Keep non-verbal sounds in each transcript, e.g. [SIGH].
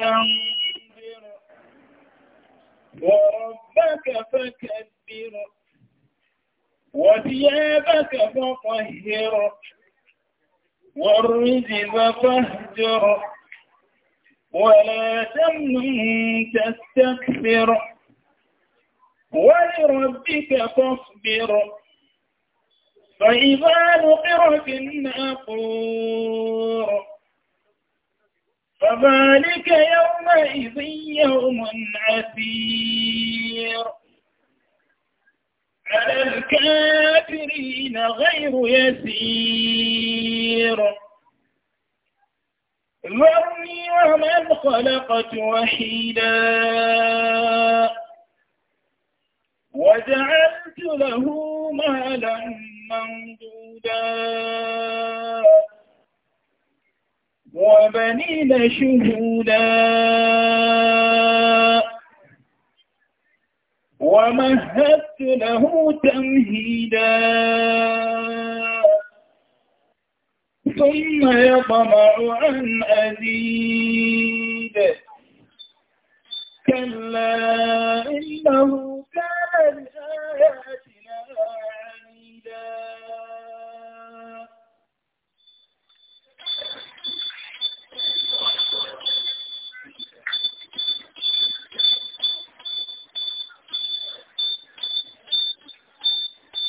فأنذر وربك فكبر وثيابك فطهر والرجز فاهجر ولا تمن تستكبر ولربك فاصبر فإذا نقر في الناقور فذلك يومئذ يوم عسير على الكافرين غير يسير ذرني ومن خلقت وحيدا وجعلت له مالا ممدودا وبنين شهودا ومهدت له تمهيدا ثم يطمع عن أزيد كلا إنه كان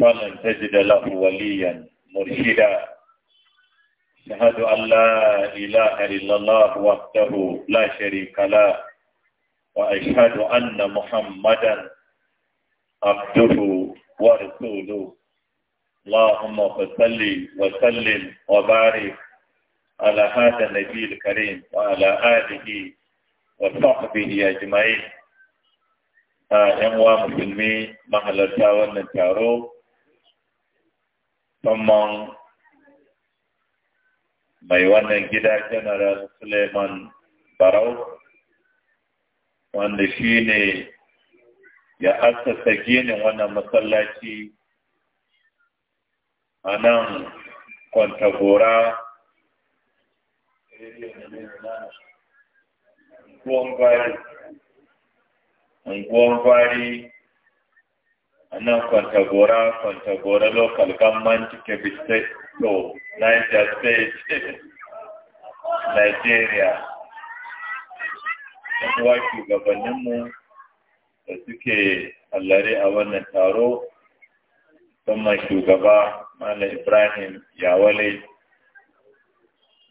فلن تجد له وليا مرشدا أشهد أن لا إله إلا الله وحده لا شريك له وأشهد أن محمدا عبده ورسوله اللهم صل وسلم وبارك على هذا النبي الكريم وعلى آله وصحبه أجمعين ‘yan uwa musulmi mahalarta wannan taro musamman mai wannan gida general Suleman barau wanda shi ne ya assasa ginin wannan masallaci a nan kwantagora unguwan fari nan kwantagora kwantagora local government kebbi state to niger state [LAUGHS] nigeria shugabanninmu da suke allare a wannan taro musamman shugaba mala ibrahim yawale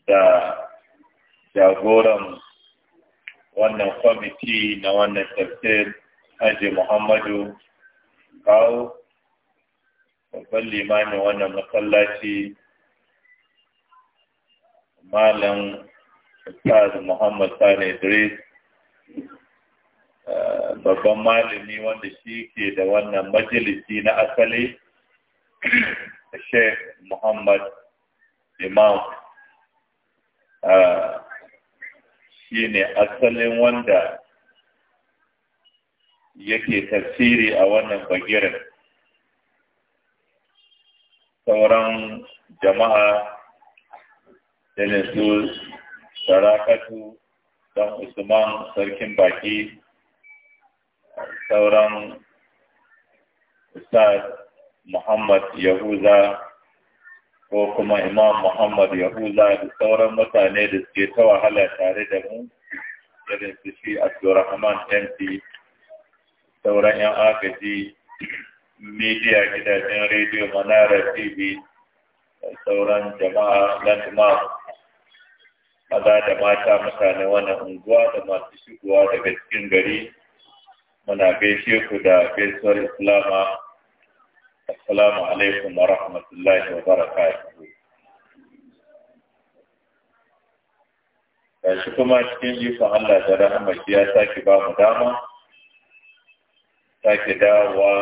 da jagoran wannan kwamiti na wannan tafsir haji muhammadu kawo babban limamin wannan masallaci malam Ustaz Muhammad Sani Idris eh, babban malami wanda shi ke da wannan majalisi na asali Sheikh Muhammad Imam eh, shi ne asalin wanda yake tafsiri a wannan bagirin sauran jama'a irin su sarakatu don usman sarkin baki sauran ustaz muhammad yahuza ko kuma imam muhammad yahuza da sauran mutane da suke ta wahala tare da mu irin su shi abdurrahman mc sauran 'yan agaji media gidajen rediyo manara tv da sauran jama'a landmark maza da mata mutane wannan unguwa da masu shigowa daga cikin gari muna gaishe ku da gaisuwar islama assalamu alaikum wa rahmatullahi wa barakatuhu gashi kuma cikin ikon Allah da rahama ya sake ba mu dama sake dawowa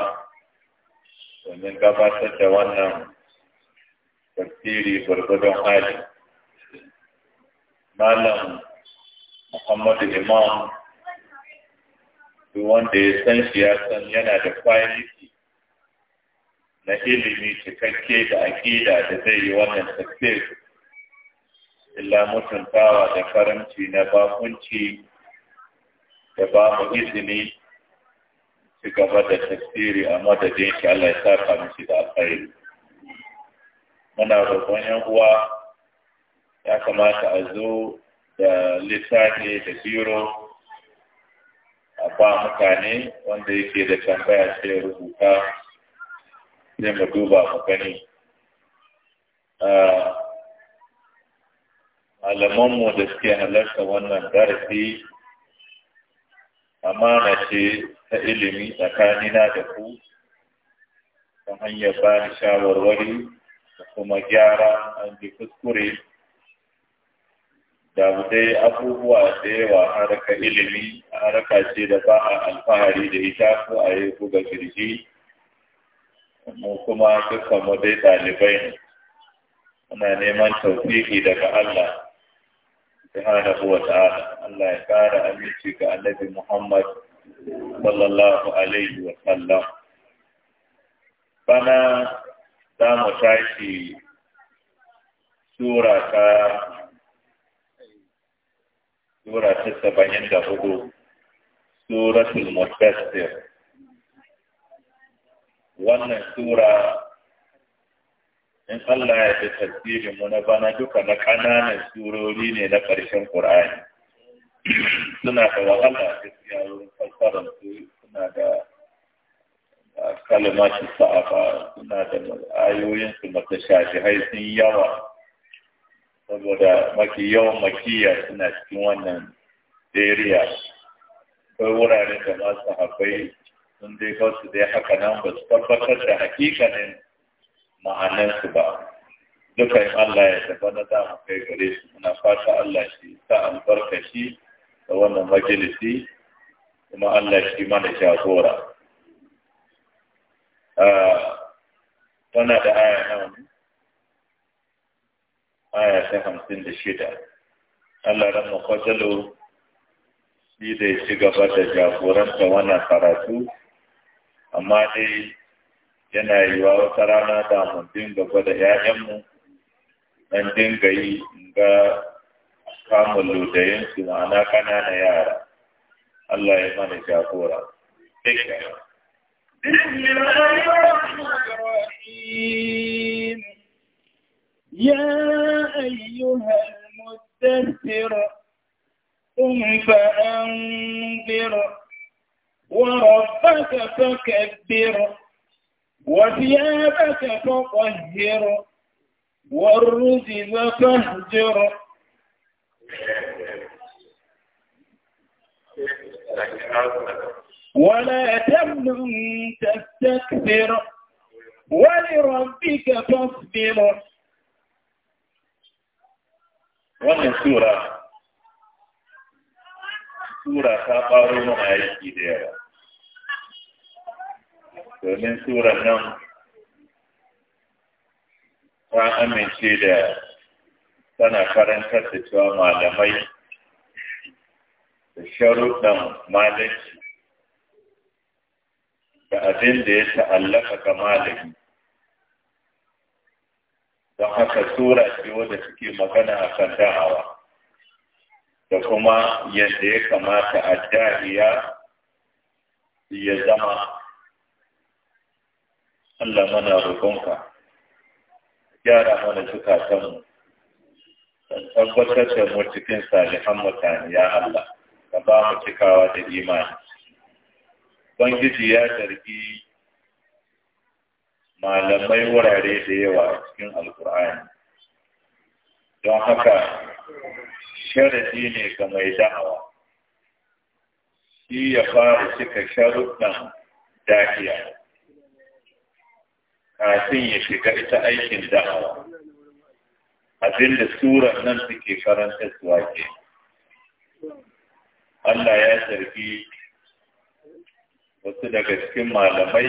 domin gabatar da wannan tafsiri gwargwadon hali. Malam Muhammadu Imam duk wanda ya san shi ya san yana da kwaliki na ilimi cikakke da aƙida da zai yi wannan tafsir illa mutuntawa da karamci na bakunci da ba mu izini ci gaba da tasiri a madadin shi Allah ya saka mishi da alkhairi muna roƙon yan uwa ya kamata a zo da lissafi da biro a ba mutane wanda yake da tambaya sai rubuta sai mu duba mu gani malamanmu da suke halarta wannan darasi amana ce ta ilimi tsakanina da ku ta hanyar ba ni shawarwari da kuma gyara an ji kuskure da dai abubuwa da yawa haraka ilimi haraka ce da ba a alfahari da ita ko a yi buga jirgi mu kuma dukkan mu dai ɗalibai ne muna neman taufiki daga Allah subhanahu wa ta'ala Allah ya kara aminci ga annabi Muhammad sallallahu alaihi wa sallam bana za mu tashi sura ta sura ta saba'in da hudu suratul wannan sura in Allah ya fi tafsirin mu na bana duka na ƙananan surori ne na ƙarshen Qur'ani suna da wahala gaskiya wurin fassarar su suna da kalmashi sa'afa suna da ayoyin su matashabihai sun yawa saboda maki yawan makiya suna cikin wannan area akwai wuraren da masu haɓai sun dai ba su dai haka nan ba su tabbatar da hakikanin ma'anarsu ba duka in Allah ya tafi na za kai gare su muna fata Allah shi sa albarka shi da wannan majalisi kuma Allah shi mana jagora ah, tana da aya na wani, aya ta hamsin da shida Allah ran makwajalo shi da ya ci gaba da jagoranta wannan karatu amma dai yana yiwa wata rana da mu dinga gwada ‘ya'yanmu nan dinga yi ga kamun ludayinsu ana kanana yara Allah ya mana jagora. بسم الله الرحمن يا أيها المدثر قم فأنذر وربك فكبر وثيابك فطهر والرجز فاهجر ولا تمن تستكثر ولربك فاصبر wannan سورة سورة ta ƙaro domin suran nan ta amince da tana karantar da cewa malamai da sharuɗan malanci da abin da ya ta'allaka ga malami don haka sura ce wadda suke magana a kan da'awa da kuma yadda ya kamata a da'iya ya zama Allah mana roƙonka gyara mana zukatanmu tabbatar da mu cikin salihan mutane ya Allah ka ba mu cikawa da imani Bangiji ya zargi malamai wurare da yawa cikin alkur'ani don haka sharadi ne ga mai da'awa shi ya fara cika sharuɗan dahiya kafin ya shiga ita aikin da'awa abinda surar nan suke karanta suwa ke Allah ya sarfi wasu daga cikin malamai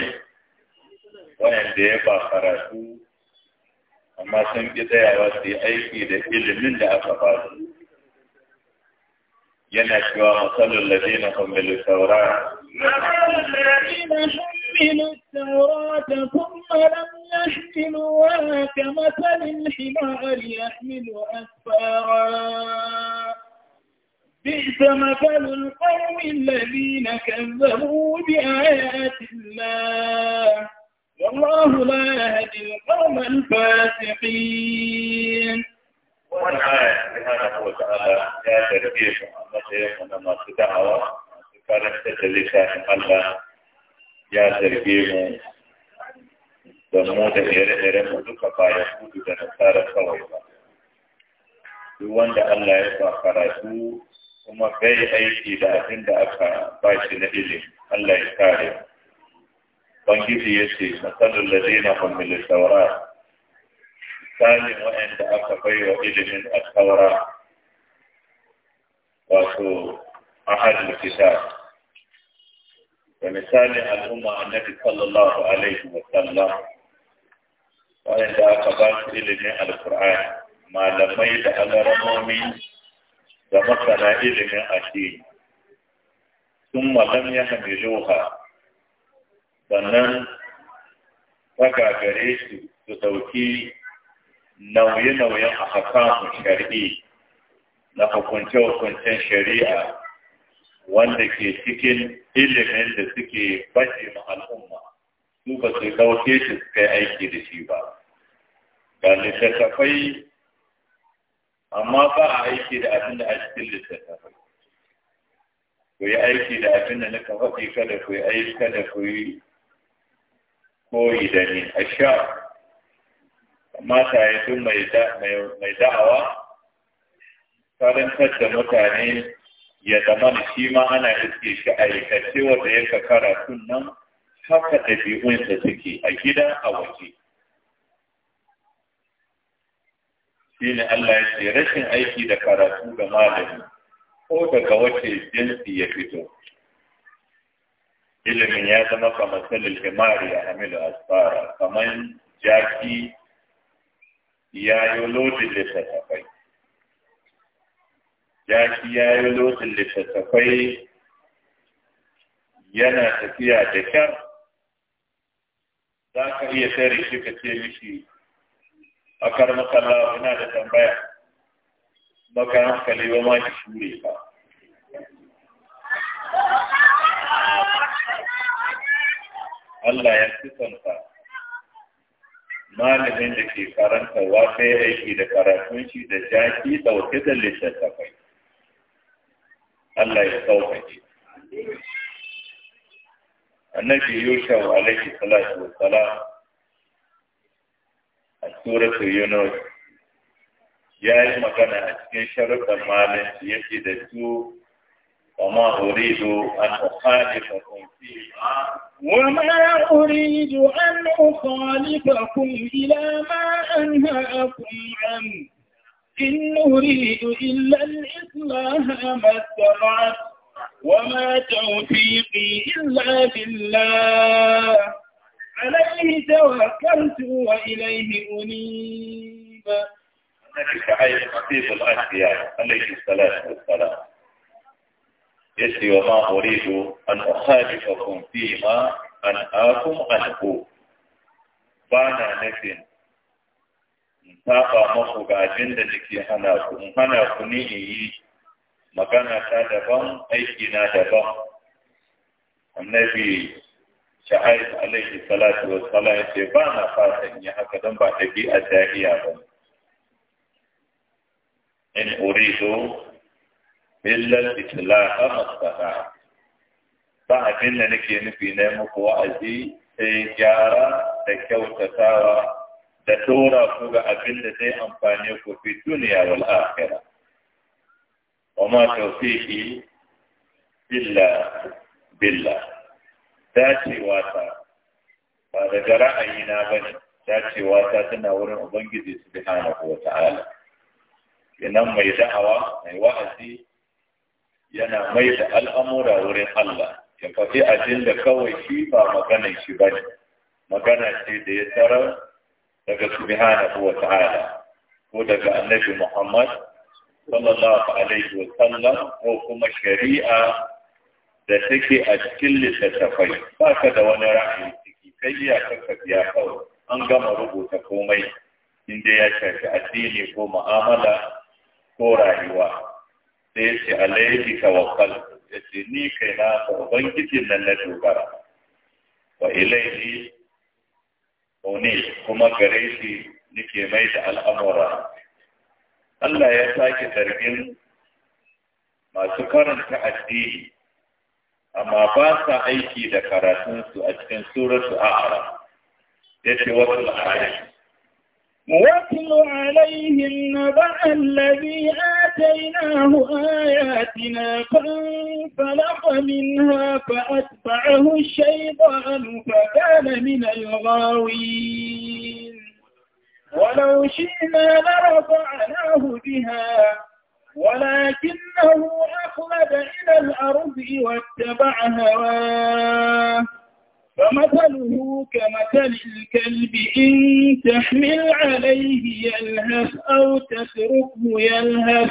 wayanda ya ba karatu amma sun ƙi tsayawa su yi aiki da ilimin da aka ba su yana cewa matsalar ladina kwamfani saura حملوا التوراة ثم لم يحملوها كمثل الحمار يحمل أسفارا بئس مثل القوم الذين كذبوا بآيات الله والله لا يهدي القوم الفاسقين ومن آية بهذا wa تعالى يا tarbiyyar mu a matsayin mu na masu da'awa الله ya zarge mu da mu da ire-iren mu duka bayan kudu da nasara kawai ba. Duk wanda Allah ya sa karatu kuma bai aiki da abin da aka ba shi na ilimi, Allah ya kare. Bangiji ya ce, Masalin ladina hamilin saura, misalin waɗanda aka bai wa ilimin a saura, wato, ahadin kitab. da misalin al'umma annabi sallallahu alaihi wa sallam wanda aka basu su ilimin alkur'ani malamai da alaramomi da masana ilimin addini sun malam ya hamiluha sannan taga gare su su ɗauki nauye-nauyen a hakamun na hukunce-hukuncen shari'a wanda ke cikin ilimin da suke bashi ma al'umma su ba su ɗauke shi su kai aiki da shi ba ga littattafai amma ba a aiki da abin da a cikin littattafai ku yi aiki da abin da na faɗi kada ku yi aiki kada ku yi koyi da ni a sha mata ya mai da'awa karantar da mutane ya zama shi ma ana iske shi a aikace da ya karatun nan haka ɗabi'unsa suke a gida a waje. Shi ne Allah ya ce rashin aiki da karatu ga malami ko daga wace jinsi ya fito. Ilimin ya zama kamar salil himari a hamilu asfara, kamar jaki ya yi lodin littattafai. ya shi ya yi lotin littattafai yana tafiya da kyar za ka iya tare shi ka ce mishi a karmakalla ina da tambaya Maka hankali ba ma ki shure ka Allah ya sifanta malamin da ke karanta wa sai aiki da karatun shi da jaki ɗauke da littattafai الله يتوب النبي يوسف عليه الصلاة والسلام سورة يونس يا إما كان أشكي شرط المالك يجد السوء وما أريد أن أخالفكم فيه وما أريد أن أخالفكم إلى ما أنهأكم عنه إن نريد إلا الإصلاح ما استطعت وما توفيقي إلا بالله عليه توكلت وإليه أنيب ذلك حي خطيب الأنبياء عليه الصلاة والسلام يشري وما أريد أن أخالفكم فيما أن عنه بعد نفسي in saba maku ga abin da nake hana ku in hana ku ne in yi magana ta daban aiki na daban annabi sha'aib alaihi salatu wa salam ya ce ba na fatan yi haka don ba ta a jahiya ba in uridu illal islaha mastata ba abin da nake nufi na muku wa'azi sai gyara da kyautatawa da tura ku ga abin da zai amfane ku fi duniya wal akhira wa ma tawfiqi illa billah Dace ta ba daga ra'ayina bane Dace ta tana wurin ubangiji subhanahu wa ta'ala kenan mai da'awa mai wa'azi yana mai da al'amura wurin Allah ya faɗi abin da kawai shi ba maganar shi bane magana ce da ya tarar daga subhanahu wa ta'ala ko daga annabi Muhammad sallallahu alaihi wa sallam ko kuma shari'a da take a cikin littattafai ba ka da wani ra'ayi ciki kai iya kanka biya kawai an gama rubuta komai inda ya shafi addini ko mu'amala ko rayuwa sai ya ce alaihi tawakkal ya ce ni kai na ubangijin nan na dogara wa ilaihi ne kuma gare shi nake mai da al'amura. Allah ya sake zargin masu karanta addini, amma ba sa aiki da karatunsu a cikin suratu ara, ya ce wasu al'ari. Wasu عليهم نبأ الذي آتى آتيناه آياتنا فانفلق منها فأتبعه الشيطان فكان من الغاوين ولو شئنا لرفعناه بها ولكنه أخلد إلى الأرض واتبع هواه فمثله كمثل الكلب إن تحمل عليه يلهث أو تتركه يلهث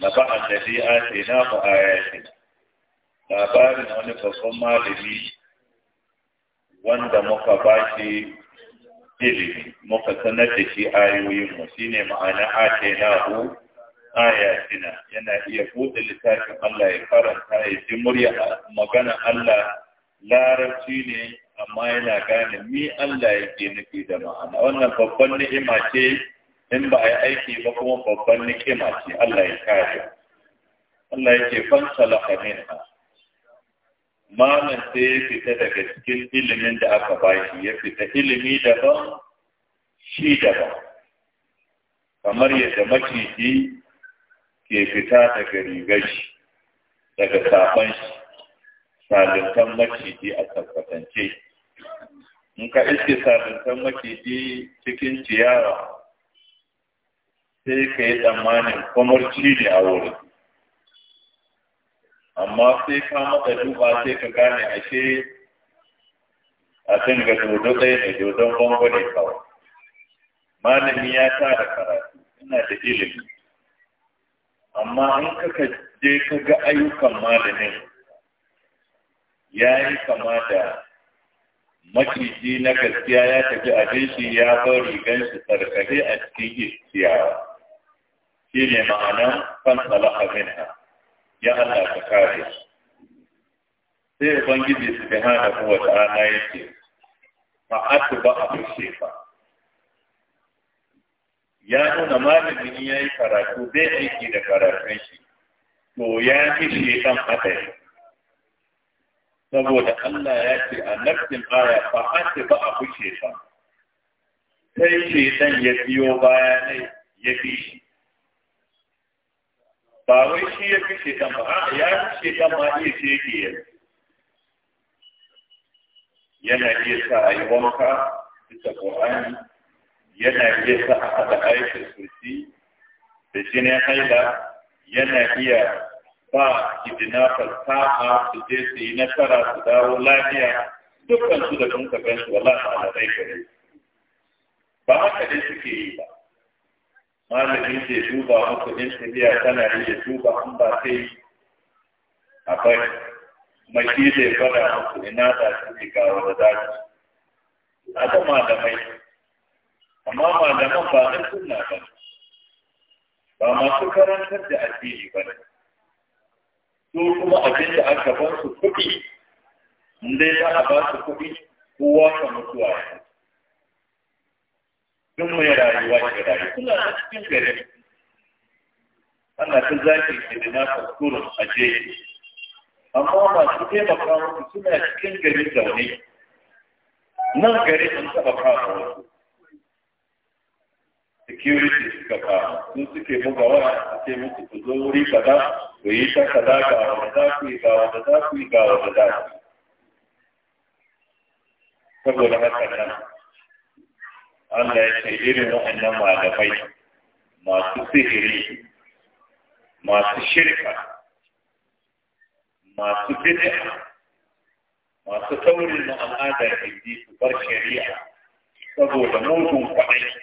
naba annabi atina fa ayatina labarin wani babban malami wanda muka ba shi ilimi muka sanar da shi ayoyin mu shine ma'ana atina hu ayatina yana iya buɗe littafin Allah ya karanta ya ji murya magana Allah larabci ne amma yana gane mi Allah yake nufi da ma'ana wannan babban ni'ima ce in ba a yi aiki ba kuma babban nikima ce Allah ya kare Allah ya ce fan salaka minha malam sai ya fita daga cikin ilimin da aka bashi ya fita ilimi daban shi daban kamar yadda maciji ke fita daga rigar shi daga saban shi salintan maciji a tabbatance in ka iske salintan maciji cikin ciyawa sai ka yi tsammanin kwamarci ne a wurin amma sai ka mata duba sai ka gane ashe a can ga dodo ɗaya ne dodon bango ne kawai malami ya tara karatu ina da ilimi amma in kaka je ka ga ayyukan malamin ya yi kama da maciji na gaskiya ya tafi abin shi ya bar rigan shi tsarkake a cikin shi ne ma'anan fansalaka ha ya Allah ka kare sai ubangiji subhanahu wa ta'ala yake a atba ba. ya nuna malamin ya yi karatu zai aiki da karatun shi to ya fi shi kan haɗari saboda Allah ya ce a nafsin ba a atba ba. sai shi shekan ya biyo baya ne ya fi shi باوی شیه که شیطا مغا یا شیطا مغایی شیه کیه ینا ایسا ایوان که ایسا قرآن ینا ایسا احطا ایسا سرسی بسین ایلا ینا ایا با کدنا پر سا آف دیسی نسرا سداو لانیا دکن سودا کنکا کنسو اللہ تعالی کرے با کدیسی کی ایلا malami ke duba muku in tafiya tana iya duba an ba sai akwai mai zai faɗa muku ina da su ne ga da a da malamai amma malaman ba na suna ba ba masu karantar da addini ba ne su kuma abin da aka ba su kuɗi in dai za a ba su kuɗi kowa ka mutuwa duk mai rayuwa ke rayu suna da cikin gari ana ta zaki ke da na a aje amma masu taimaka musu suna cikin gari zaune nan gari sun taɓa kama wasu security suka kama sun suke buga waya a ce musu ku zo wuri kaza ku yi ta kaza ga wanda za ku yi ga wanda za ku yi ga wanda za ku yi saboda haka nan Allah ya ce irin waɗannan malamai masu sihiri masu shirka masu bid'a masu taurin na al'ada hindi su bar shari'a saboda mugun kwaɗai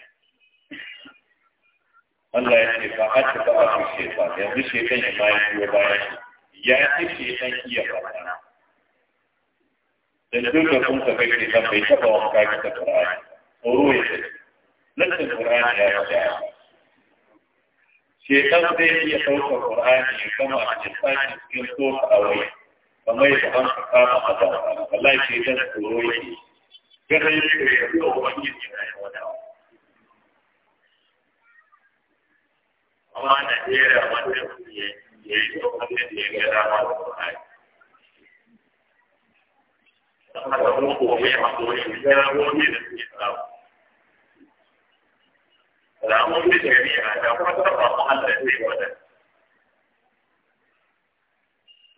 Allah ya ce ba a ci ba a fi ba yanzu shekar ya bayan biyo bayan ya ci shekar iya faɗa da duka kun ka kai shekar bai taɓa wanka ki ta ƙara'ani ruwa nufin Qur'ani ya yi daya shekaru zai ɗaukar Qur'ani ya a cikin cikin a wai kamar yadda a da wallahi shekaru tsoro yake da ya zuwa Najeriya ya yi ɗaukar da ya gara ma Qur'ani da suke lamun da shari'a da kuma saba mu Allah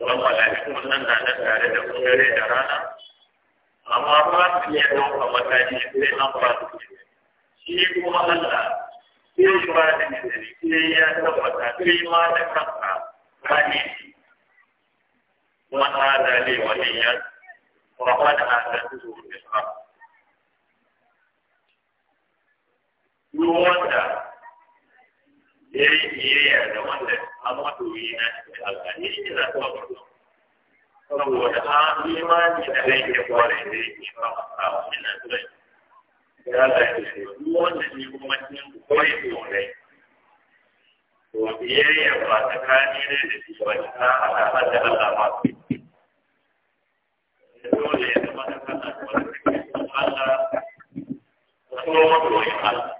sai wannan kuma mala'ikun nan na nan tare da mu dare da rana amma ba su iya ɗauka mataki sai an ba su shi kuma Allah sai ba da nazari sai ya tabbata sai ma da kanka ka ne shi wa hada li waliyan wa qad atatu bi duk wanda ya yi biyayya da wanda masoyi na cikin alƙali shi na kuma barno saboda a imani da aikin kwarai da yake ba a kawo shi na turai ya zai shi duk wanda shi kuma cikin kwarai da wani to biyayya ba ne da shi ba ta alaƙar da Allah ba dole ya zama da Allah wani Allah ko masoyin Allah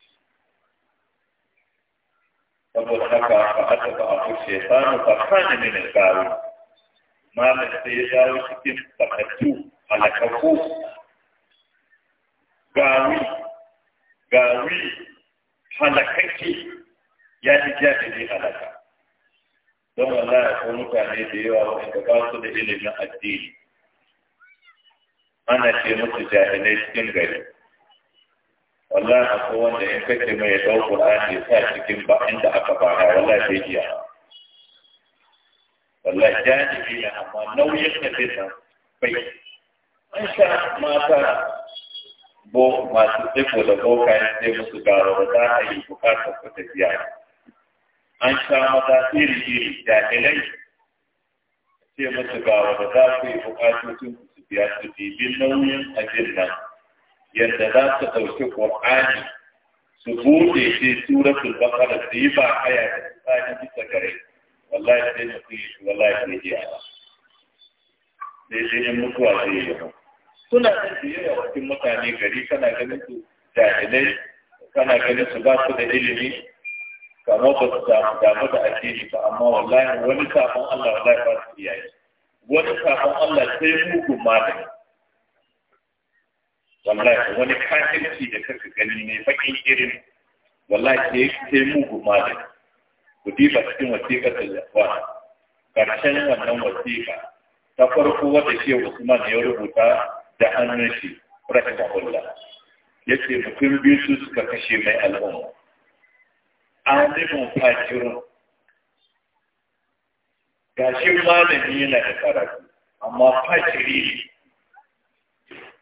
saboda haka fa ataba abu shaytanu fa kana min al-qawi malam sai ya dawo cikin fatattu halakaku gawi gawi halakaki ya ji ne halaka don ya akwai mutane da yawa wanda ba su da ilimin addini ana ce musu jahilai cikin gari wallahi akwai wanda in kace mai dau Qur'ani sa cikin ba inda aka fara wallahi sai jiya wallahi janibi ne amma nauyin da zai sa bai an sha mata bo masu tsiko da boka ne sai musu garo ba za a yi bukatar ku tafiya an sha mata iri iri jahilai sai musu garo ba za ku yi bukatun su biya su bibin nauyin ajin nan yadda za su ɗauki ƙur'ani su bude shi suratul baqara su yi ba haya da tsani bisa gare wallahi sai na ya shi wallahi sai ya ba sai sai in mutuwa sai ya ba suna da biyayya cikin mutane gari kana ganin su jahilai kana ganin su ba su da ilimi kamar ba su samu damu da addini ba amma wallahi wani kafin Allah wallahi ba su iyaye wani kafin Allah sai mugun malami wallahi wani kafirci da kanka gani ne bakin irin wallahi sai sai mugu da ku diba cikin wasiƙa da yawa karshen wannan wasiƙa ta farko wata ce Usman ya rubuta da hannun shi rahimahullah yace mutum biyu su suka kashe mai al'umma alimin fajirin gashin malami yana da karatu amma fajiri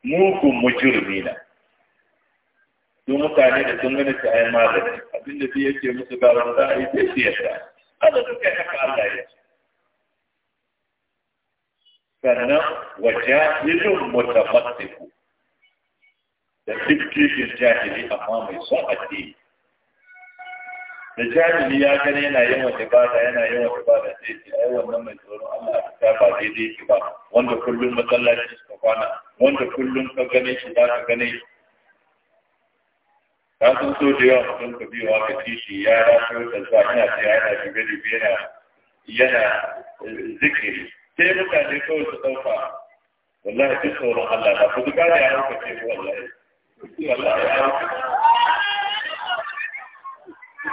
mugun mujirmi na duk mutane da sun gani ta ayi magani abinda zai yake musu ga wanda a yi sai shi yadda Allah duk ya haka Allah ya ce sannan wajahilun mutamassiku da tibkifin jahili amma mai son addini da jahili ya gani yana yawan ibada yana yawan ibada sai ce ai wannan mai tsoron Allah ta ba daidai ki ba wanda kullum masallaci suka kwana wanda kullum ka gane shi za ka gane shi ka san so da yawa mutum ka biyo ka ci shi ya rasu da zuwa yana ce yana shiga da yana yana eh, zikiri sai mutane kawai su ɗauka wallahi duk sauran Allah na ku duka da yaran ka ce wallahi wallahi yaran ka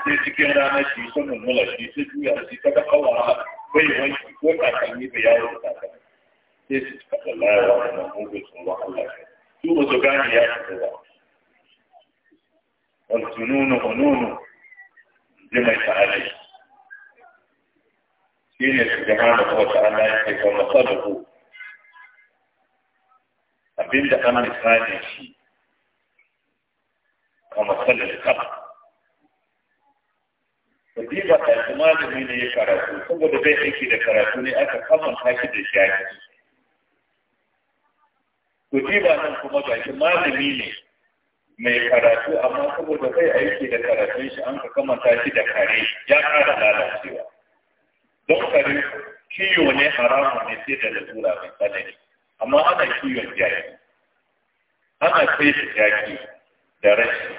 sai cikin ranar shi sanin mula shi sun juya shi ta ga kawawa bai wanki ko kakanni bai yawo da takalmi sai su cika Allah ya wata nan mugun tsoron Allah ya su ba su gane ya yi ba wal sununu hununu ji mai ta'alai shi ne su gane da wata Allah ya ce ta bai aiki da karatu ne aka kamanta shi da shaki. ku ba nan kuma ga shi malami ne mai karatu amma saboda kai aiki da karatun shi an ka kamanta shi da kare ya kara lalacewa don kare kiyo ne haramun ne sai da lalura mai tsanani amma ana kiyon jaki ana kai shi jaki da rashi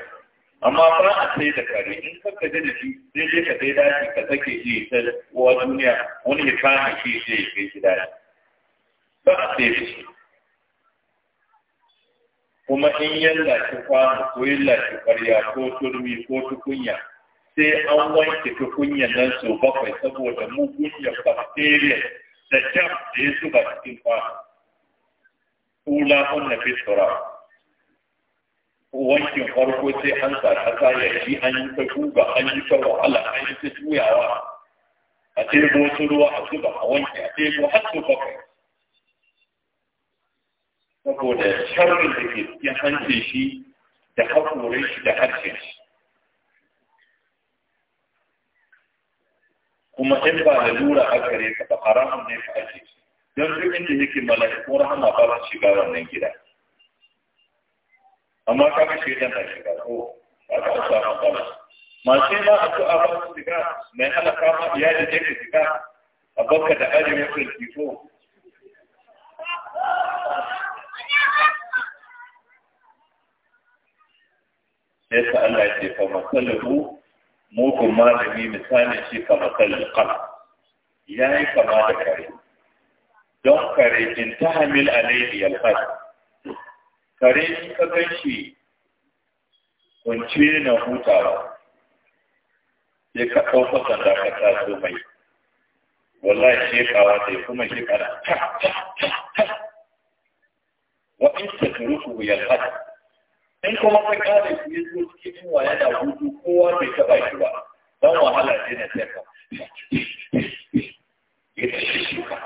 amma ba a sai da kare in ka gaje da shi sai dai ka sai dashi ka sake shi ta kowa duniya wani ya kama shi sai ya kai shi dashi ba a sai da shi kuma in yalla shi kwano ko yalla shi ƙarya ko turmi ko tukunya sai an wanke tukunya nan sau bakwai saboda mugunya bakteriya da jam da ya zuba cikin kwano kula hun na fitura wankin farko sai an sa ƙasa ya yi an yi ta guga an yi ta wahala an yi ta juyawa a tebo su ruwa a zuba a wanke a tebo har su bakwai saboda sharrin da ke cikin hancin shi da haƙorin shi da harshen shi kuma in ba da lura a gare ka ba haramun ne ka ake shi don duk inda yake mala'ikun rahama ba su shiga wannan gida amma ka ga shi yana shiga ko ba ka samu ba masu yi ma a to a ba su shiga mai halaka ma iyali ne ka shiga a bakka da ajiye mutum kifo sai Allah ya ce ka mu. mugun malami misalin shi ka masalin kama ya yi kama da kare don kare in ta hamil alaihi kare ka kai shi kunce na hutawa sai ka ɗauka sanda ka so mai wallahi shekawa sai kuma shekara ta wa in ta in kuma ka kyale shi ya zo cikin yunwa yana hutu kowa bai taɓa shi ba don wahala ce na taika ya tashi shi ka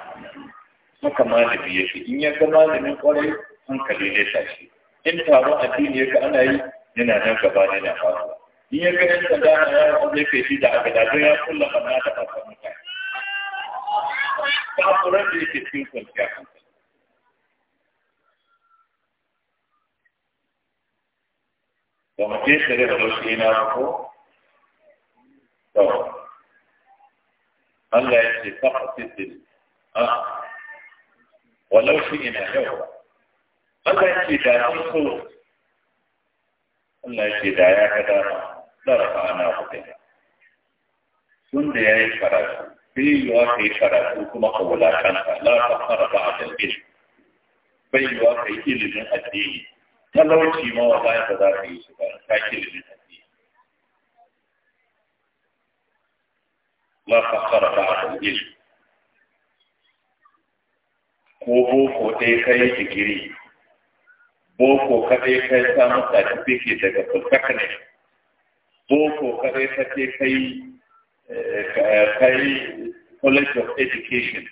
haka malami ya ce in ya ga malamin kwarai hankali ne tashi in taron addini ya ga ana yi yana nan gaba ne na fara in ya ga yan sanda na yawon zai feshi da agada don ya kulla kan na taɓa kan mutane ba a tsoron da cikin kwanciya hankali ليس للمشركين ko to Allah ya ce faqatil ah walau shi ina yau Allah ya ce da sun so Allah ya ce da ya ga dama da rafa ana kuɗi sun da ya yi karatu sai yiwuwa ka yi karatu kuma ka wulakanta la fara ba a yi ilimin addini talauci ma wa bayan da za ka yi shi ba ka ki da mutane la fakara ba a dalil ko boko ɗaya ka yi digiri boko kaɗai ka yi samun certificate daga polytechnic boko kaɗai ka ce eh, ka yi college of education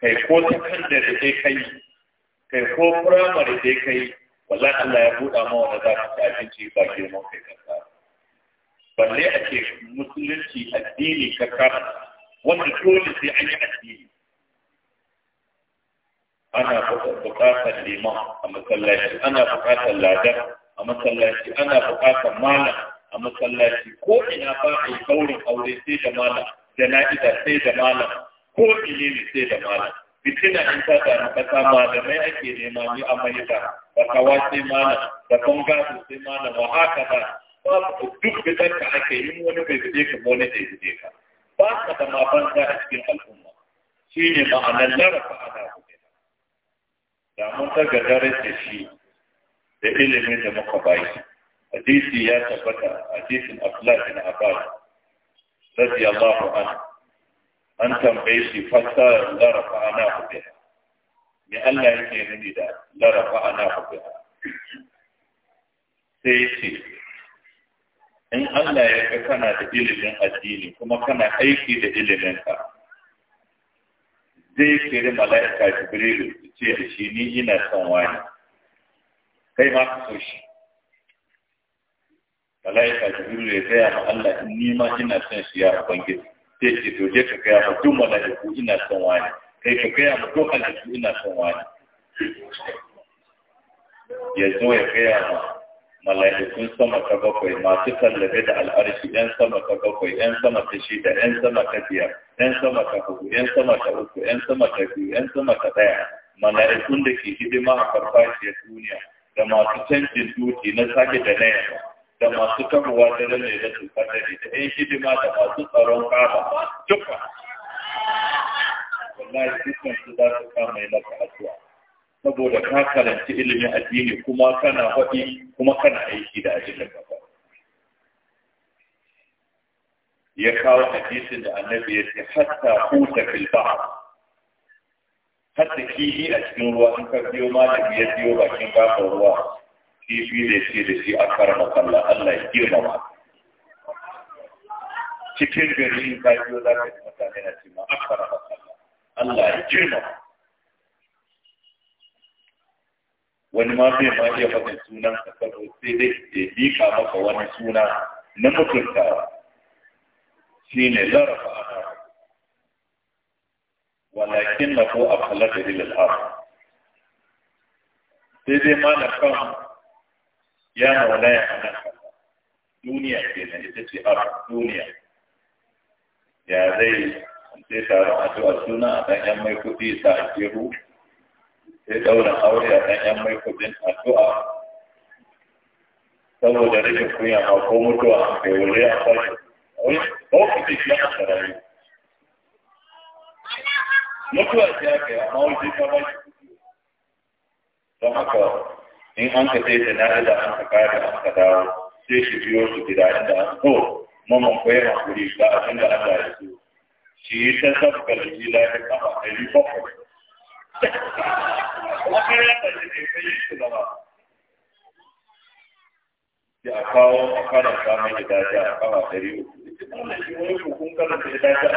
kai ko secondary dai kai kai ko primary dai kai wallahi Allah ya buɗa mawa wani za ka abinci ba girman kai kanka balle a musulunci addini ka kama wanda dole sai an yi addini ana buƙatar liman a masallaci ana buƙatar ladar a masallaci ana buƙatar malam a masallaci ko ina ba a saurin aure sai da malam jana'iza sai da malam ko menene sai da malam fitina in ta samu kasa malamai ake nema ni a mai da fatawa sai mana da kongasa sai mana ba haka ba duk fitar ka ake yin wani bai fide ka wani bai fide ka ba ka da ma a cikin al'umma shi ne ma'anar larafa ana kuɗi da mun shi da ilimin da muka bayi hadisi ya tabbata hadisin abdullahi bin abbas radiyallahu anhu an tambaye shi fasar larafa ana hudu me Allah yake nuni da larafa ana hudu sai ce in Allah ya ga kana da ilimin addini kuma kana aiki da iliminka zai kere mala'ika jibrilu ce da shi ni ina son wani kai ma ka so shi mala'ika jibrilu ya gaya ma Allah in ni ma ina son shi ya ubangiji sai ce to je ka gaya ma duk mala'iku ina son wani kai ka gaya ma duk mala'iku ina son wani ya zo ya gaya ma mala'ikun sama ta bakwai masu tallafe da al'arshi ‘yan sama ta bakwai ‘yan sama ta shida ‘yan sama ta biyar ‘yan sama ta hudu ‘yan sama ta uku ‘yan sama ta biyu ‘yan sama ta daya mala'ikun da ke hidima a farfashiyar duniya da masu canjin duti na sake da na yamma da masu kamuwa da lalle da tukadari da ɗan hidima da masu tsaron kaba duka wallahi dukkan su za su kama yi maka addu'a saboda ka karanci ilimin addini kuma kana haɗi kuma kana aiki da addinin gaba ya kawo hadisin da annabi ya ce hatta huta fil bahr hatta kihi a cikin ruwa in ka biyo malami ya biyo bakin gafa ruwa kifi da shi da shi a karama kalla Allah ya girmama cikin gari in ka biyo za ka ji mutane na ce ma a karama kalla Allah ya girmama wani ma bai ma iya faɗin sunan ka saboda sai dai ya liƙa maka wani suna na mutuntawa shi ne zarafa ana walakin na ko a kalar da ilil sai dai ma na kan ya maulaya mana duniya ke nan ita ce a duniya ya zai sai taron addu'a suna a ɗan yan mai kuɗi sa a jeru sai ɗaurin aure a ɗan yan mai kuɗin addu'a saboda rikin kunya ma ko mutuwa a kai wuri a fashi ko ku ce shi a sarari mutuwa ce a kai amma wuce ta fashi don haka in an ka sai da da an ka kare an ka dawo sai shi biyo su gida inda an ko mamman koyar hakuri ga abin da Allah ya so shi yi ta da shi lafi a ɗari ya ta kai yi gaba ya a kawo a kana samun da a kama uku wannan shi wani hukun a zai ta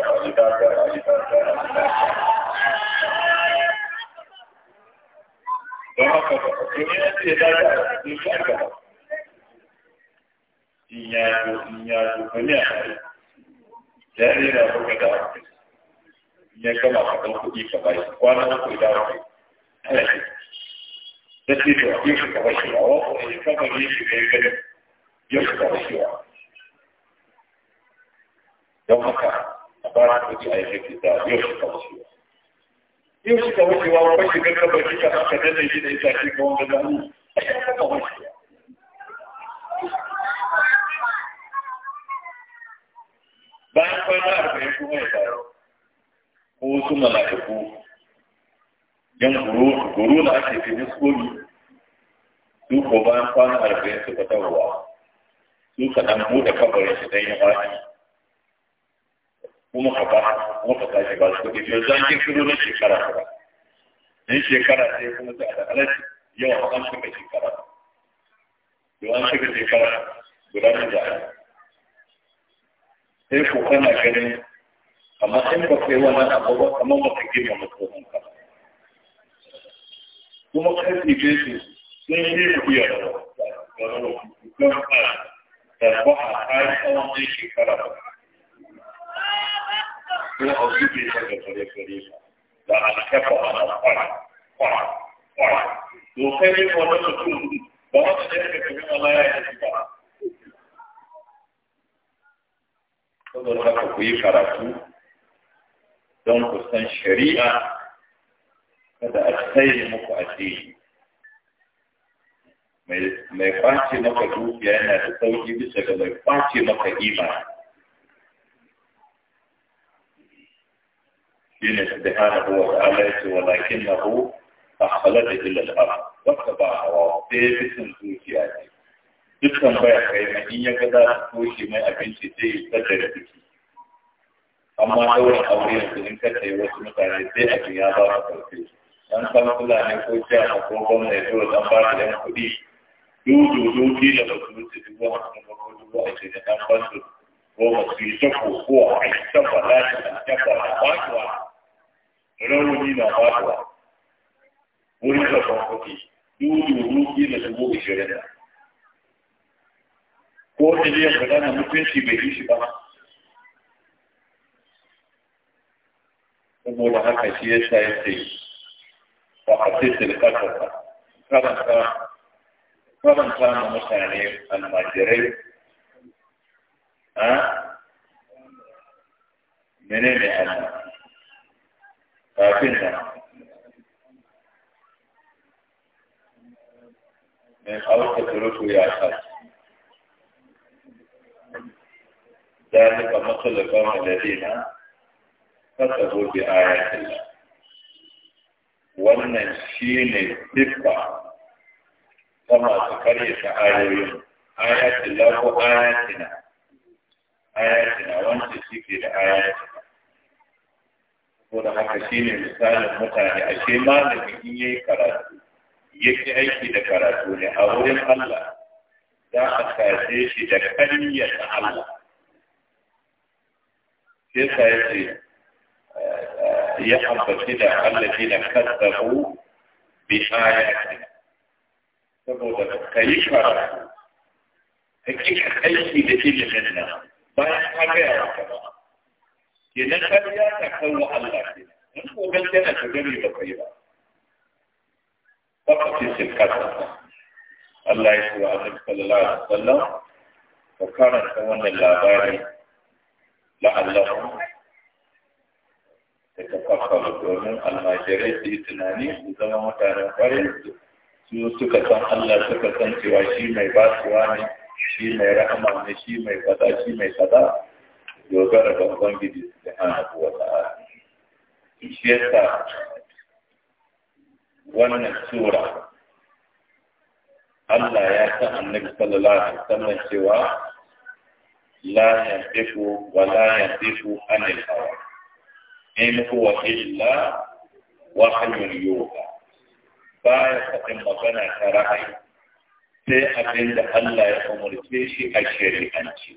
a a a a don haka ba in ba na a yi yau ka in suka wucewa wa bashi gangan baki ka haka da shi da ita shi ga wanda da mu kuma ya dawo ko yan guru guru na ake fi su ko kwana arba'in tawowa su ka dan kabarin shi ya bani kuma ka ba muka tashi ba su kuɗi to yi shiru na shekara ba in shekara sai kuma sai a alaji yau an shiga shekara to an shiga shekara guda da za sai ku kana ganin amma in ba kai wannan abu ba kamar ba ka gina mutumin ka kuma kai ne su ne ku biya da ba da ba da ba a kai tsawon shekara ba sai a zuge ta da kare kare ta da ana kafa ana kwara kwara kwara to kai ne wannan mutum ba wanda da yake kafin Allah ya yi ba saboda haka ku yi karatu don ku san shari'a kada a tsaye muku a tsaye mai kwace maka dukiya yana da sauki bisa ga mai kwace maka imani يلي سبحانه وتعالى ولكنه أخلد إلى الأرض وكبع هو تيب سنزوجياته جسم بيح كيما إن يكدا سنزوجي ما أبين سيدي تجري بكي أما هو الحوري يقولين كتير وسمتعني دي أبين يابا أبين أن كما قلنا أن يكون جاء مقوبون يجوز أن بعد أن يكون دو دو دو دي لما كنت تدوها أن يكون دوها أجل أن يكون دوها أجل أن يكون دوها أجل أن يكون دوها أجل أن يكون دوها أجل أن يكون دوها أجل rawuni na fatuwa wurin da ruki da ko da zai fada mutunci bai yi ba saboda haka shi ya sa ya ce ba a ce karanta karanta na mutane almajirai a ah? menene almajirai kafin nan mai auka turutu ya sa ذلك مثل القوم الذين كسبوا بآيات الله wannan shi ne ko ayatina ayatina da ayatina ko da haka shi ne misalin mutane ashe malami in yayi karatu yake aiki da karatu ne a wurin Allah za a kace shi da kanyata Allah sai sa yace ya ambaci da allazi na kasabu bi ayati saboda kai karatu kai aiki da ilimin nan bayan ka ga ya kenan ƙarya ta kawo Allah ce in ko gaskiya ta gari ba kai ba baka ce shirkata Allah ya ce wa Annabi sallallahu alaihi wasallam ka karanta wannan labari la'allahu da tafafar domin almajirai su yi tunani su zama mutanen kwarai su suka san Allah suka san cewa shi mai basuwa ne shi mai rahama ne shi mai kaza shi mai kaza dogara ga Ubangiji subhanahu wa ta'ala shi yasa wannan sura Allah ya san annabi sallallahu alaihi wasallam cewa la yantifu wa la an anil hawa in huwa illa wahyun yuha ya faɗin magana ta ra'ayi sai abin da Allah ya umarce shi a shari'ance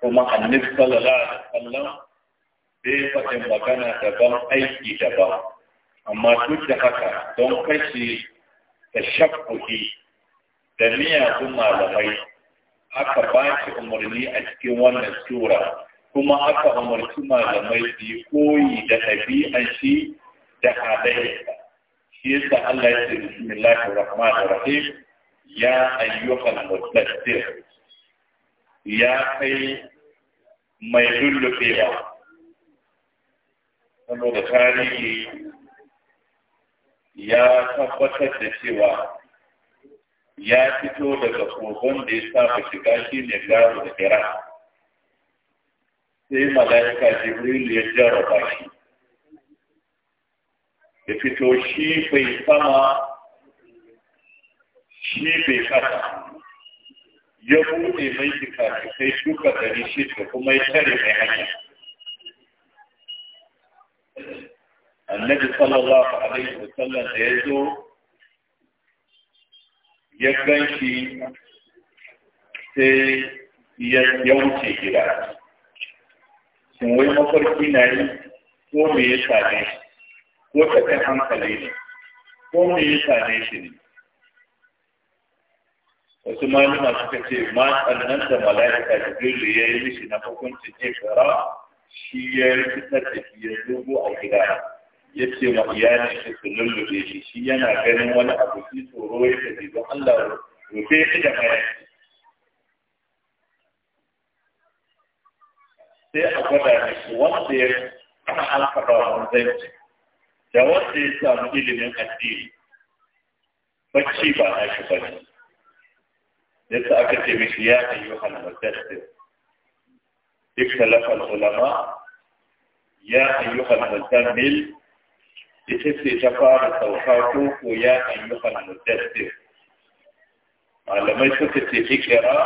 kuma annabi sallallahu alaihi wasallam bai faɗin magana daban aiki daban amma duk da haka don kashe da shakkuki da miyagun malamai aka ba shi umarni a cikin wannan sura kuma aka umarci malamai su yi koyi da ɗabi'an shi da halayensa shi yasa Allah ya ce bismillahir rahmanir rahim ya ayyuhal mudaththir ya kai mai lullubewa saboda tarihi ya tabbatar da cewa ya fito daga kogon da ya saba shiga shi ne gado da kira sai mala'ika jibril ya jarraba shi ya fito shi bai sama shi bai kasa ya buɗe mai fikafikai duka ɗari shida kuma ya tare mai hanya. Annabi sallallahu alaihi wa sallam da ya zo ya gan shi sai ya wuce gida. Shin wai mafarki na yi ko me ya same shi ko ta taɓin hankali ne ko me ya same shi ne. wasu malama suka ce ma tsannan da mala'ika jibrilu ya yi mishi na hukuncin ikra shi ya rikitar da shi ya zubo a gida ya ce ma iyalin shi su lullube shi shi yana ganin wani abu shi tsoro ya tafi don Allah rufe shi da mayanci sai a gwada mishi wanda ya ana alfaɗa wa zanci da wanda ya samu ilimin addini bacci ba na shi ba ne لسه أكتب مش يا أيها المدثر اختلف العلماء يا أيها المزمل لتسي تفار توفاته يا أيها المدثر malamai suka ce ikira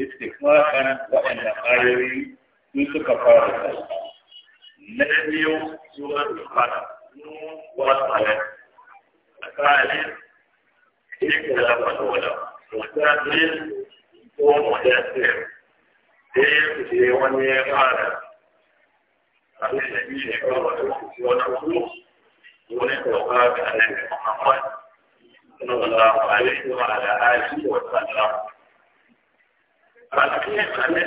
istifakan waɗannan ayoyi sun suka fara sauka na biyu suwar rufat wasu a tsakanin ikira da wala mutanen ko mutasir sai ya fice wani ya fara Allah da biyu ne kawai wata lokaci wani hudu wani sauka ga annabi Muhammad sallallahu alaihi wa ala alihi wa sallam. Ba su yin annabi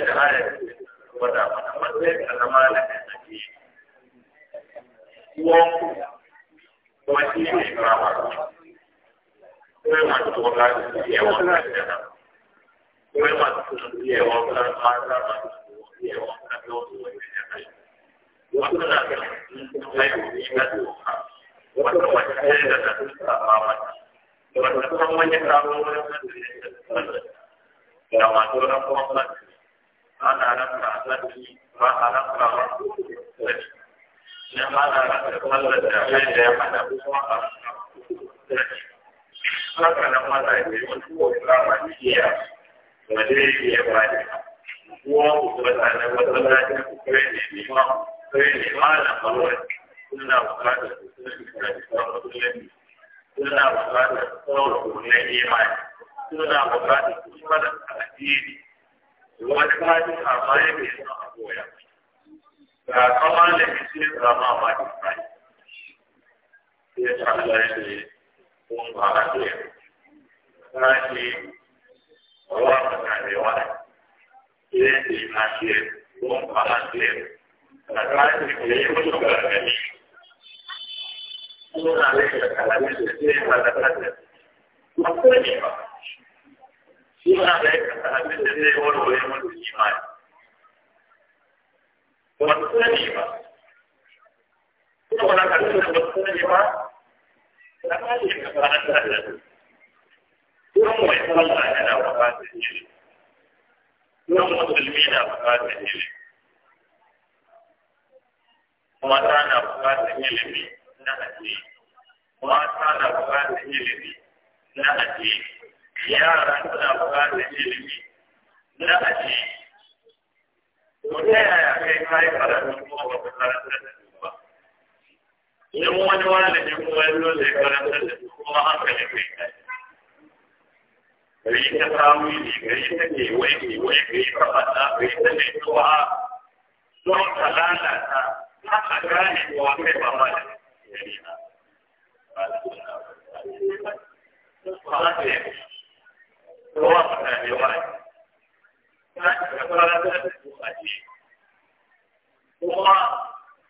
Muhammad sai ka zama da annabi. Uwan kuma kuma masu tuwaka da su iya wanka da kuma masu iya iya wasu wani da kai wasu na kan haihu ina da wanka wata mace ɗaya da ta tuka a mata wata kuma wani kawo wani kasu ne da tsarin ana rafa sarki na ma ya hada kuma a sarki haka nan mazaje wani ko islama iya ba zai iya ba kuma ku mutanen masallaci ku kare ne nema kare ne malam alwar suna bukatar su suna bukatar sauran kullum suna bukatar sauran kullum imani suna bukatar su mana addini wani kaji a baya mai Kuma a goya ga kuma da ke ce zama ma ta kai sai ta Allah ohun bàbá tó yẹ wọn á ṣe ọwọ́ àpàtà rẹ̀ wá ilé ìdè máa ṣe ohun bàbá tó yẹ bàbá tó yẹ kò yẹ kó tó gbà rẹ̀ ní wọn á lè ṣe sí ìpàdé pàtẹ wọn kò ní ìmọ̀ tí wọn á lè ṣe àlàyé ṣe sí ìwọ́n lórí wọn yí máa wọn kò ní ìmọ̀ tí wọn á lè ṣe àlàyé ṣe sí ìwọ́n lórí wọn yí máa. فما يكفر عن أهله يوم يصلى على وفاة الجيل يوم مسلمين وفاة الجيل وما كان وفاة الجيل نأتي وما كان وفاة الجيل نأتي يا رسول وفاة الجيل نأتي وكان يا كيف يفعل الموضوع بخلصة in wani malami kuma karanta da su kuma kai kai gari ta samu gari ta ke wai ke wai gari ta tuwa don ka lalata haka gane kuwa kai ba ma da gari na ba da a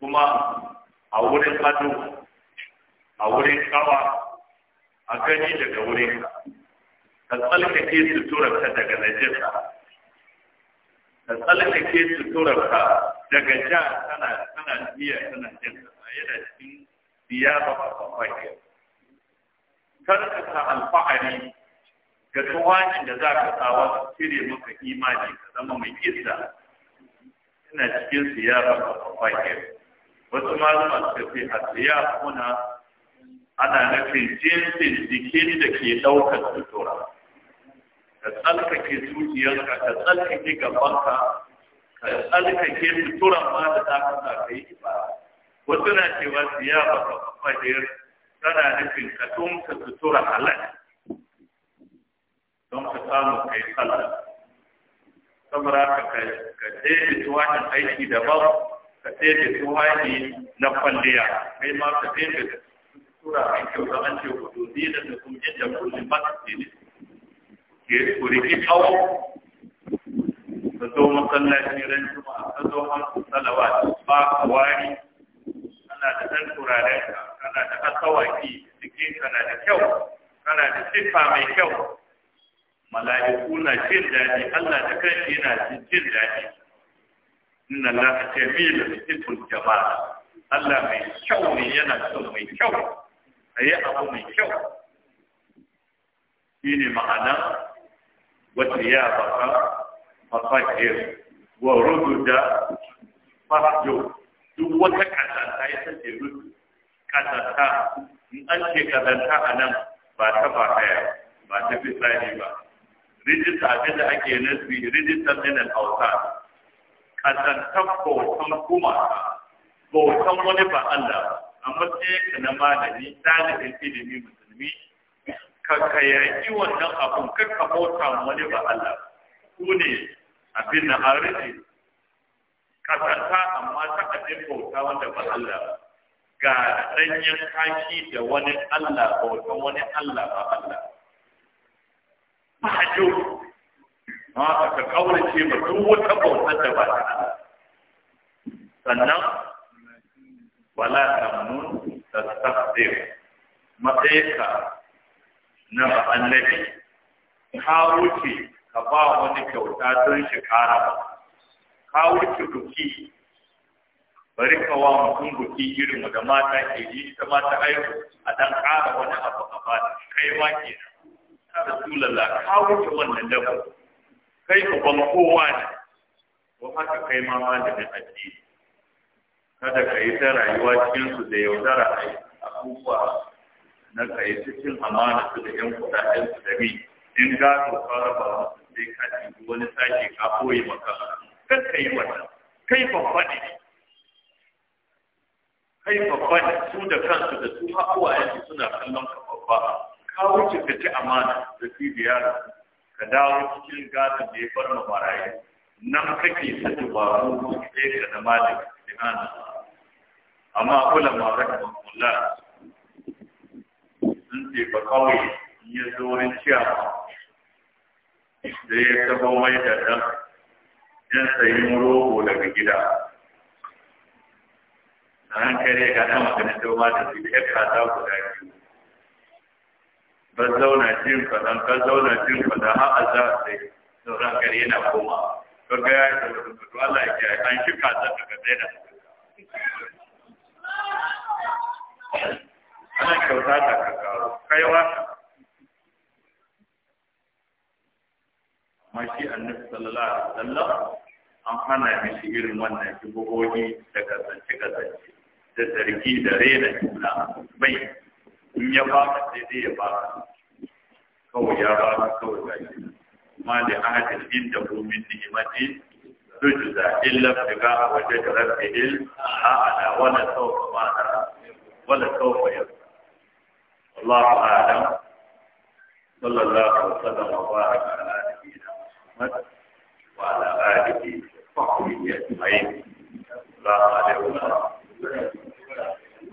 kuma a wurin ado a wurin kawa a gani daga wurin ka ka tsalkake suturarka daga najisa ka tsalkake suturarka daga ja tana tana iya tana jinsa yana cikin biya ba ba ba karkata alfahari ga tuwanin da za ka sawa su cire maka imani ka zama mai kisa ina cikin siyasa ba ba ba wasu malama suka ce a tsiya kuna ana nufin jinsin jikin da ke ɗaukar sutura ka tsarkake zuciyarka ka tsarkake gabanka ka tsarkake suturan ma da za ka sa ka yi ibada wasu na cewa tsiya ba ka fahir tana nufin ka tunka sutura halal don ka samu kai sallah saboda ka ka daidai tuwanin aiki daban ka tsefe tuhaji na kwalliya kai ma ka tsefe tura mai kyau da an ce kudu zina da kuma yadda kullum masjidi ke kuriki tsawo ka zo masallaci ran juma'a ka zo hanku salawa ba ka wari kana da ɗan turaren kana da asawaki jikin kana da kyau kana da siffa mai kyau mala'iku na jin daɗi Allah da kanshi yana jin daɗi inna allaha jamilun yuhibbul jamal Allah mai kyau ne yana son mai kyau ayi abu mai kyau shine ma'ana wata ya baka mafakir wa rududa farjo duk wata kasanta ya sace rudu kasanta in an ce kasanta a nan ba ta ba haya ba ta fi tsari ba rijista abin da ake nufi rijistar min al-awsat ƙazantar bautan gumaka bautan wani ba Allah a matsayin ka na malami ɗalibin ilimi musulmi ka ka yaƙi wannan abun kan ka bauta wani ba Allah ku ne abin na harin ƙazanta amma ta abin bauta wanda ba Allah ga ɗanyen kashi da wani Allah bautan wani Allah ba Allah. Mahajo ma aka kaurace ba duk wata bautar da ba ta sannan wala tamnu tastakbir matsayinka na ba annabi ka wuce ka ba wani kyauta don shi kara ba ka wuce duki bari ka wa mutum duki irin da mata ke yi ta mata aiko a dan kara wani abu a ba kai ma kenan ka tulala ka wuce wannan labo kai uban kowa ne ko haka kai ma malamin addini kada ka yi ta rayuwa cikinsu da yaudara a abubuwa na ka yi cikin amana su da yan kudaden su da mi in gado fara ba su sai ka ɗibi wani sake ka koyi maka kan ka yi wannan kai babba ne kai babba ne su da kansu da su haƙuwa yanzu suna kallon ka babba ka wuce ka ci amana da cibiyar ka dawo cikin gadon da ya bar ma marayi nan kake ta dubaru ko kike da malik dinana amma kula ma rahmatullah sun ce ba kawai ya zo wurin ciyawa da ya taba mai da ɗan yan sayin roho daga gida a hankali ga ɗan wani doma da su da ya kata guda biyu ka zauna jin faɗan ka zauna jin faɗan har a za sai sauran gari yana koma ka ga ya yi da rubutu Allah ya kiyaye an shi ka zaka ka daina ana kyauta ta ka kawo kaiwa amma shi annabi sallallahu alaihi wasallam an hana mishi irin wannan shigogogi da kasance kasance da sarki da rena juna bai in ya fara sai dai ya baka kawai ya baka kawai ga shi ma da ahadin inda min ni'imati tujza illa biga wajen da rabbil a'ala wala sawfa ma wala sawfa ya Allah a'lam sallallahu alaihi wasallam wa baraka ala nabiyyina Muhammad wa ala alihi wa sahbihi ajma'in la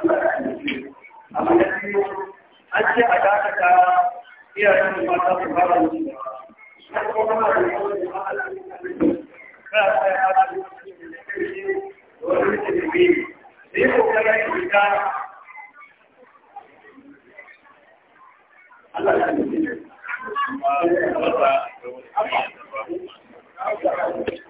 amma da a dakata iyayen mata su fara wuce kuma kuma da yawon da ma'ala kada ta yi hada wani ke yi